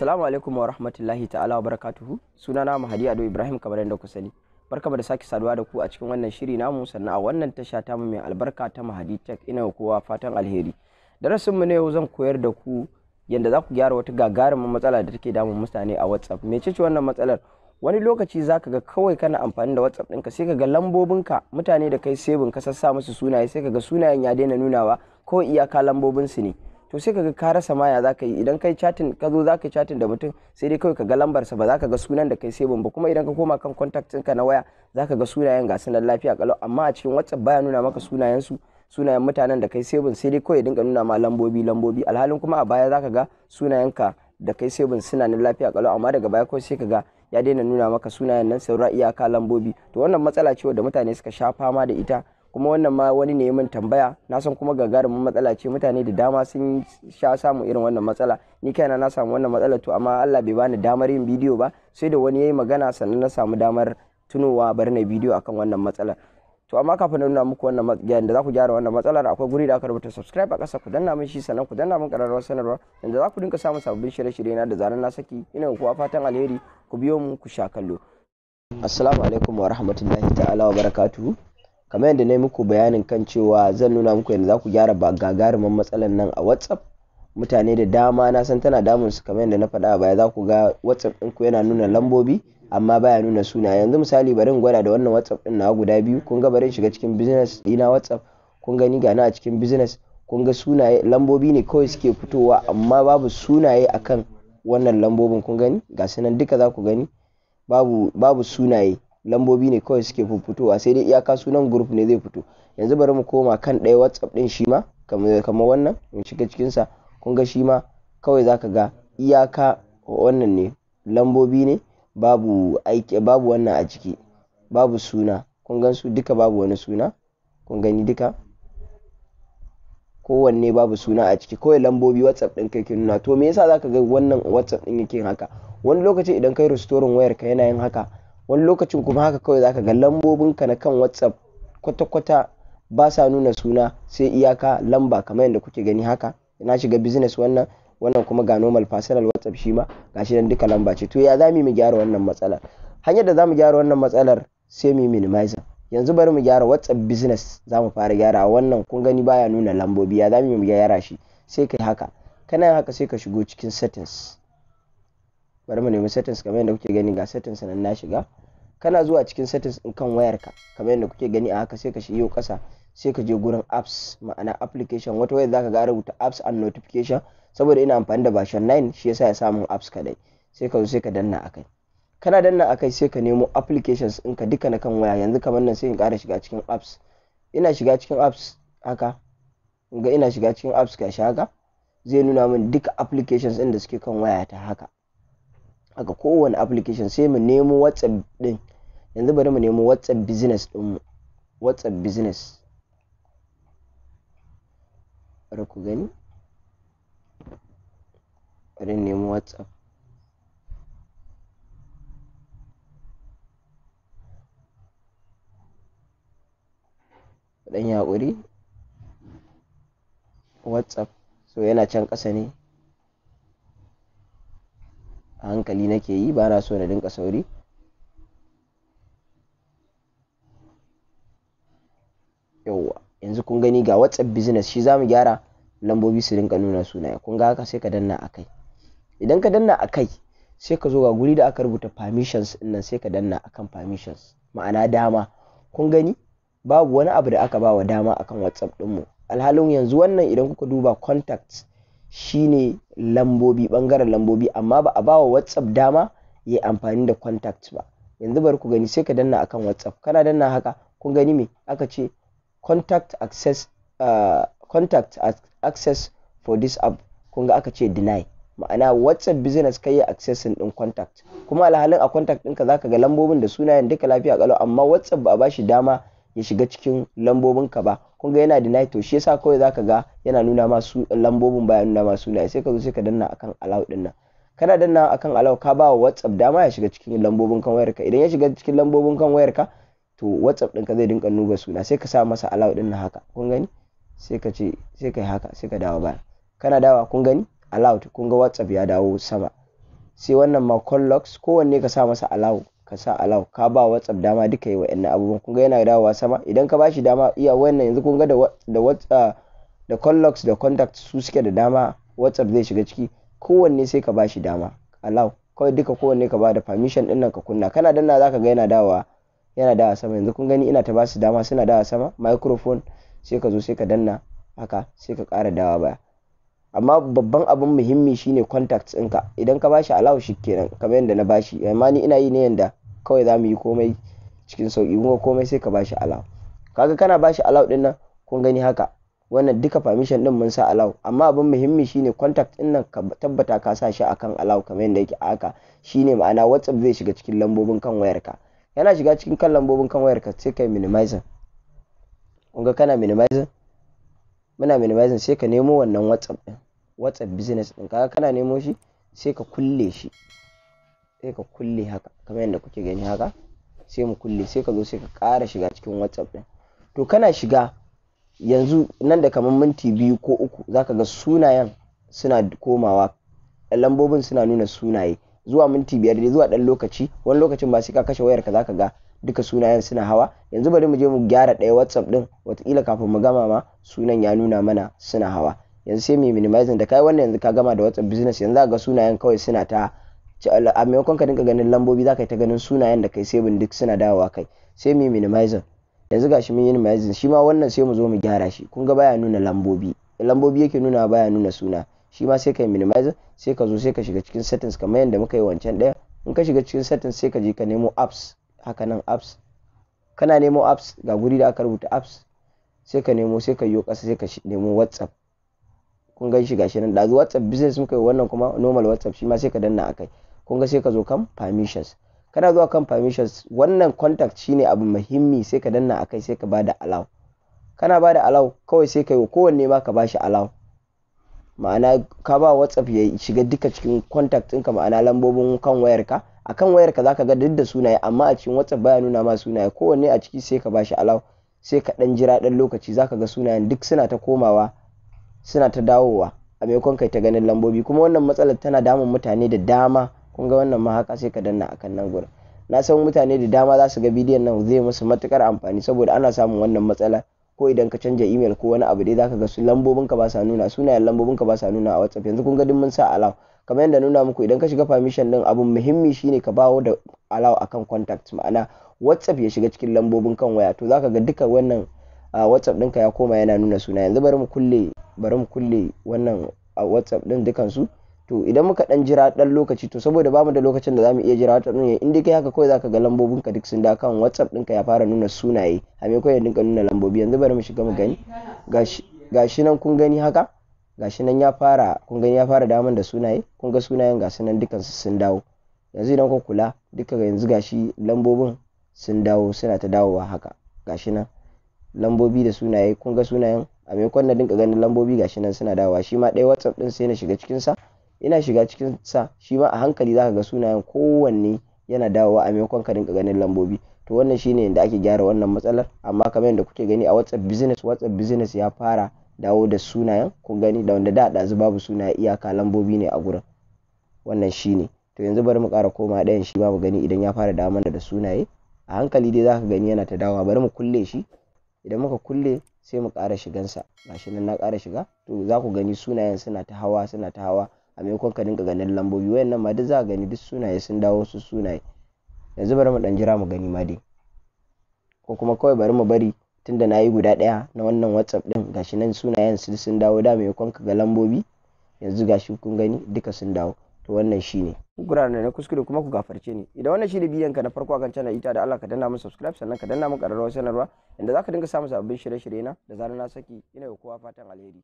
Assalamu alaikum wa rahmatullahi ta'ala wa barakatuhu. Sunana Mahadi Ado Ibrahim kamar yadda ku sani. barka da sake saduwa da ku a cikin wannan shiri namu sannan a wannan tasha ta mu mai albarka ta Mahadi Tech ina kowa fatan alheri. Darasin mu ne yau zan koyar da ku yadda za ku gyara wata gagarumin matsala da take damun mutane a WhatsApp. mecece ce wannan matsalar? Wani lokaci zaka ga kawai kana amfani da WhatsApp ɗinka sai ka ga lambobinka mutane da kai sebin ka sassa musu sunaye sai ka ga sunayen ya daina nunawa ko iyaka lambobinsu ne. to sai kaga ka rasa maya za ka yi idan kai chatin ka zo za ka yi chatin da mutum sai dai kawai ka ga lambar sa ba za ka ga sunan da kai sai ba kuma idan ka koma kan contact ɗinka na waya za ka ga sunayen ga sunan lafiya kalau amma a cikin WhatsApp baya nuna maka sunayen su sunayen mutanen da kai sai sai dai kawai dinga nuna ma lambobi lambobi alhalin kuma a baya za ka ga sunayen ka da kai sai suna nan lafiya kalau amma daga baya kawai sai ka ga ya daina nuna maka sunayen nan saura iyaka lambobi to wannan matsala ce wadda mutane suka sha fama da ita kuma wannan ma wani ne min tambaya na san kuma gagarumin matsala ce mutane da dama sun sha samu irin wannan matsala ni kaina na samu wannan matsala to amma Allah bai bani damar yin bidiyo ba sai da wani yayi magana sannan na samu damar tunowa bari na bidiyo akan wannan matsalar to amma kafin na nuna muku wannan matsalar da za ku gyara wannan matsalar akwai guri da aka rubuta subscribe a ƙasa ku danna min shi sannan ku danna min ƙararrawar sanarwa yanzu za ku dinka samun sababbin shirye-shirye na da zaran na saki ina kuwa fatan alheri ku biyo mu ku sha kallo assalamu alaikum wa rahmatullahi ta'ala wa barakatuhu kamar yadda na yi muku bayanin kan cewa zan nuna muku yadda za ku gyara ba gagarumin matsalan nan a whatsapp mutane da dama na san tana damun su kamar yadda na faɗa baya za ku ga whatsapp ɗinku yana nuna lambobi amma baya nuna suna yanzu misali bari gwada da wannan whatsapp ɗin na guda biyu kun ga bari shiga cikin business na whatsapp kun gani gana a cikin business kun ga sunaye lambobi ne kawai suke fitowa amma babu sunaye akan wannan lambobin kun gani ga nan duka za ku gani babu sunaye lambobi ne kawai suke fitowa sai dai iyaka sunan group ne zai fito yanzu bari mu koma kan ɗaya whatsapp ɗin shi ma kamar wannan mu shiga cikinsa kun ga shi ma kawai zaka ga iyaka wannan ne lambobi ne babu aiki babu wannan a ciki babu suna kun gan su duka babu wani suna kun gani duka kowanne babu suna a ciki kawai lambobi whatsapp ɗin kai ke nuna to me yasa zaka ga wannan whatsapp ɗin yake haka wani lokaci idan kai restoring wayar ka yana yin haka wani lokacin kuma haka kawai zaka ga lambobin ka na kan whatsapp kwata-kwata ba sa nuna suna sai iyaka lamba kamar yadda kuke gani haka na shiga business wannan wannan kuma ga normal personal whatsapp shi ma gashi nan duka lamba ce to ya za mu gyara wannan matsalar hanyar da za mu gyara wannan matsalar sai mu minimizer yanzu bari mu gyara whatsapp business za mu fara gyara wannan kun gani baya nuna lambobi ya za mu gyara shi sai kai haka kana haka sai ka shigo cikin settings bari mu nemi settings kamar yadda kuke gani ga settings nan na shiga kana zuwa cikin settings din kan wayarka kamar yadda kuke gani a haka sai ka shiyo kasa sai ka je gurin apps ma'ana application wata wayar zaka ga rubuta apps and notification saboda ina amfani da version 9 shi yasa ya samu apps kadai sai ka zo sai ka danna akai kana danna akai sai ka nemo applications din ka duka na kan waya yanzu kamar nan sai in ƙara shiga cikin apps ina shiga cikin apps haka ga ina shiga cikin apps ka haka zai nuna min duka applications din da suke kan waya ta haka haka kowane application sai mu nemo whatsapp din yanzu bari mu nemo whatsapp business din mu whatsapp business bari ku gani bari nemo whatsapp dan yaƙuri whatsapp so yana can ƙasa ne a hankali nake yi ba na so na dinka sauri yauwa yanzu kun gani ga whatsapp business shi za mu gyara lambobi su dinka nuna suna kun ga haka sai ka danna a kai idan ka danna a kai sai ka zo ga guri da aka rubuta permissions nan sai ka danna akan permissions ma'ana dama kun gani babu wani abu da aka ba wa dama akan whatsapp ɗinmu alhalin yanzu wannan idan kuka duba contacts shine lambobi bangaren lambobi amma ba a bawa whatsapp dama ya yi amfani da contact ba yanzu bari ku gani sai ka danna akan whatsapp kana danna haka kun gani me aka ce contact access uh, contact access for this app kun ga aka ce deny ma'ana whatsapp business kai ya accessing din contact kuma alhalin a contact ɗinka zaka ga lambobin da sunayen duka lafiya kalau amma whatsapp ba a bashi dama ya shiga cikin lambobin ka ba kun ga yana deny to shi yasa kawai zaka ga yana nuna ma lambobin lambobin baya nuna ma sunaye sai ka zo sai ka danna akan allow din nan kana danna akan allow ka ba WhatsApp dama ya shiga cikin lambobin kan wayarka idan ya shiga cikin lambobin kan wayarka to WhatsApp ka zai dinka nuna suna sai ka sa masa allow din nan haka kun gani sai ka ce sai ka haka sai ka dawo ba kana dawa kun gani allowed kun ga WhatsApp ya dawo sama sai wannan ma call logs kowanne ka sa masa allow ka sa allow ka ba whatsapp dama duka yi wa'annan abubuwan kun ga yana dawowa sama idan ka bashi dama iya wannan yanzu kun ga da da ah, da conlocks da contact su suke da dama whatsapp zai shiga ciki kowanne sai ka bashi dama allow kawai duka kowanne ka ba da permission din nan ka kunna kana danna ka ga yana dawowa yana dawa sama yanzu kun gani ina ta basu dama suna dawa sama microphone sai ka zo sai ka danna haka sai ka ƙara dawa baya amma babban abin muhimmi shine contacts ɗinka idan ka bashi allow shi kenan kamar yadda na bashi amma ni ina yi ne yanda kawai za mu yi komai cikin sauƙi kuma komai sai ka bashi allow kaga kana bashi allow din nan kun gani haka wannan duka permission din mun sa allow amma abin muhimmi shine contact din nan ka tabbata ka sa shi akan allow kamar yadda yake haka shine ma'ana WhatsApp zai shiga cikin lambobin kan wayarka yana shiga cikin kan lambobin kan wayarka sai kai minimizing kun ga kana minimizing muna minimizing sai ka nemo wannan WhatsApp din WhatsApp business din kaga kana nemo shi sai ka kulle shi sai ka kulle haka kamar yadda kuke gani haka sai mu kulle sai ka zo sai ka kara shiga cikin whatsapp ɗin to kana shiga yanzu nan da kamar minti biyu ko uku zaka ga sunayen suna komawa lambobin suna nuna sunaye zuwa minti biyar dai zuwa dan lokaci wani lokacin ba sai ka kashe wayar ka zaka ga duka sunayen suna hawa yanzu bari mu je mu gyara ɗaya whatsapp ɗin watakila kafin mu gama ma sunan ya nuna mana suna hawa yanzu sai mu minimizing da kai wannan yanzu ka gama da whatsapp business yanzu za ga sunayen kawai suna ta a maimakon ka dinka ganin lambobi za ka yi ta ganin sunayen da kai sai duk suna dawowa kai sai mu minimizing yanzu gashi mun yi minimizing shi ma wannan sai mu zo mu gyara shi kun ga baya nuna lambobi lambobi yake nuna baya nuna suna shi ma sai ka minimize sai ka zo sai ka shiga cikin settings kamar yadda muka yi wancan ɗaya in ka shiga cikin settings sai ka je ka nemo apps haka nan apps kana nemo apps ga guri da aka rubuta apps sai ka nemo sai ka yi ƙasa sai ka nemo whatsapp kun gan shi gashi nan ɗazu whatsapp business muka yi wannan kuma normal whatsapp shi ma sai ka danna akai kun ga sai ka zo kan permissions kana zuwa kan permissions wannan contact shine abu muhimmi sai ka danna akai sai ka bada allow kana bada allow kawai sai ka yi kowanne ma ka bashi allow ma'ana ka ba whatsapp ya shiga duka cikin contact ɗinka ma'ana lambobin kan wayarka akan wayarka zaka ga duk da sunaye amma a cikin whatsapp baya nuna ma sunaye kowanne a ciki sai ka bashi allow sai ka dan jira dan lokaci zaka ga sunayen duk suna ta komawa suna ta dawowa a maimakon kai ta ganin lambobi kuma wannan matsalar tana damun mutane da dama kun ga wannan ma haka sai ka danna a kan nan gurin na san mutane da dama za su ga bidiyon nan zai musu matukar amfani saboda ana samun wannan matsala ko idan ka canja email ko wani abu dai zaka ga su lambobin ka ba sa nuna sunayen lambobin ka ba sa nuna a WhatsApp yanzu kun ga duk mun sa allow kamar yadda nuna muku idan ka shiga permission din abun muhimmi shine ka bawo da allow akan contact ma'ana WhatsApp ya shiga cikin lambobin kan waya to zaka ga duka wannan ah, WhatsApp ɗinka ya koma yana nuna suna yanzu bari mu kulle bari mu kulle wannan ah, WhatsApp din dukansu to idan muka dan jira dan lokaci to saboda bamu da lokacin da zamu iya jira ta nuna eh, in dai kai haka kawai zaka ga lambobin ka duk sun da kan WhatsApp dinka ya fara nuna sunaye a me kawai dinka nuna lambobi yanzu bari mu shiga mu gani gashi gashi nan kun gani haka gashi nan ya fara kun gani ya fara daman da sunaye kun ga sunayen gasu nan dukan su sun dawo yanzu idan ku kula duka yanzu gashi lambobin sun dawo suna ta dawowa haka gashi nan lambobi da sunaye kun ga sunayen a maimakon na dinka ganin lambobi gashi nan suna dawowa shi ma ɗaya whatsapp din sai na shiga cikin sa ina shiga cikin sa shi ma a hankali zaka ga sunayen kowanne yana dawowa a maimakon ka rinka ganin lambobi to wannan shine yadda ake gyara wannan matsalar amma kamar yadda kuke gani a WhatsApp business WhatsApp business ya fara dawo da sunayen kun gani da wanda da ɗazu babu sunaye iyaka lambobi ne a gurin wannan shine to yanzu bari mu kara koma ɗayan shi babu gani idan ya fara dawo mana da sunaye a hankali dai zaka gani yana ta dawowa bari mu kulle shi idan muka kulle sai mu kara shigansa gashi nan na ƙara shiga to za ku gani sunayen suna ta hawa suna ta hawa a maimakon ka dinga ganin lambobi wayan nan ma duk za gani duk sunaye sun dawo su sunaye yanzu bari mu dan jira mu gani ma dai ko kuma kawai bari mu bari tunda na yi guda daya na wannan whatsapp din gashi nan sunayen su sun dawo da maimakon ka ga lambobi yanzu gashi kun gani duka sun dawo to wannan shine guraren na kuskure kuma ku gafarce ni idan wannan shine bidiyon ka na farko akan channel ita da Allah ka danna mun subscribe sannan ka danna mun kararrawar sanarwa inda zaka dinga samun sabbin shirye-shirye na da zarar na saki ina kowa fatan alheri